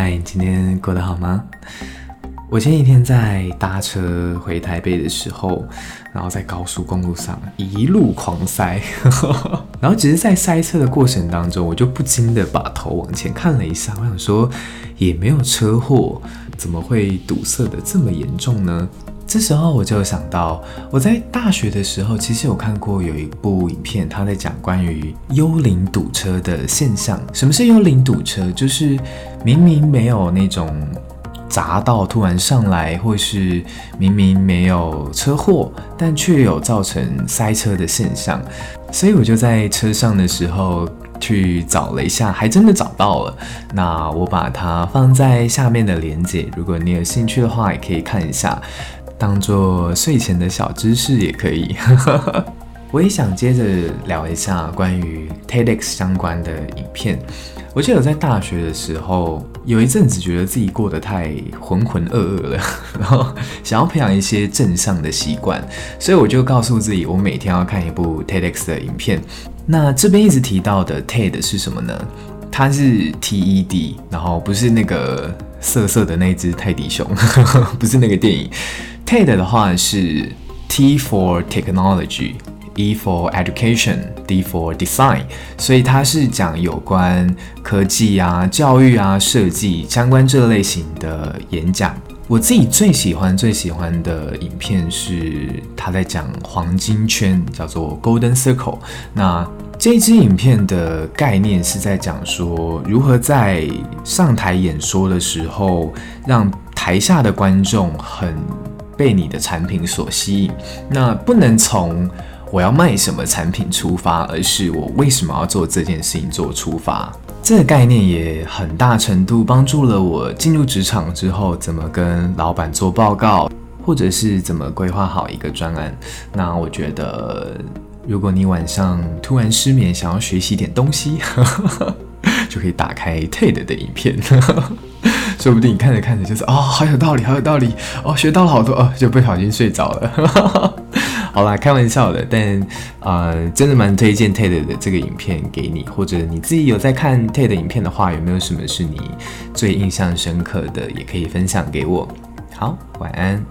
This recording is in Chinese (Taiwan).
嗨，Hi, 今天過得好嗎？我前幾天，天在搭車回台北的時候，然後在高速公路上一路狂塞， 然後只是在塞車的過程當中，我就不禁的把頭往前看了一下，我想說，也沒有車禍，怎麼會堵塞得這麼嚴重呢？這時候我就想到，我在大學的時候其實有看過有一部影片，它在講關於幽靈堵車的現象。什麼是幽靈堵車？就是明明沒有那種匝道突然上來，或是明明沒有車禍，但卻有造成塞車的現象。所以我就在車上的時候去找了一下，還真的找到了。那我把它放在下面的鏈接，如果你有興趣的話，也可以看一下。當做睡前的小知識也可以。哈哈哈，我也想接着聊一下關於 TEDx 相關的影片。我記得我在大學的時候，有一陣子覺得自己過得太渾渾噩噩了，然後想要培養一些正向的習慣，所以我就告訴自己，我每天要看一部 TEDx 的影片。那這邊一直提到的 TED 是什麼呢？它是 TED，然後不是那個色色的那隻泰迪熊，不是那個電影。TED 的話是 T for technology, E for education, D for design，所以它是講有關科技啊、教育啊、設計相關這類型的演講。我自己最喜歡、最喜歡的影片是他在講《黃金圈》，叫做 Golden Circle。那這支影片的概念是在講說如何在上台演說的時候，讓台下的觀眾很被你的產品所吸引，那不能從我要賣什麼產品出發，而是我為什麼要做這件事情做出發。這個概念也很大程度幫助了我進入職場之後，怎麼跟老板做報告，或者是怎麼規劃好一個專案。那我覺得，如果你晚上突然失眠，想要學習點東西， 就可以打開 TED 的影片。 說不定你看着看着就是哦，好有道理，好有道理哦，學到了好多哦，就不小心睡着了。 好啦，開玩笑的，但啊、呃，真的蠻推薦 TED 的這個影片給你，或者你自己有在看 TED 影片的話，有沒有什麼是你最印象深刻的，也可以分享給我。好，晚安。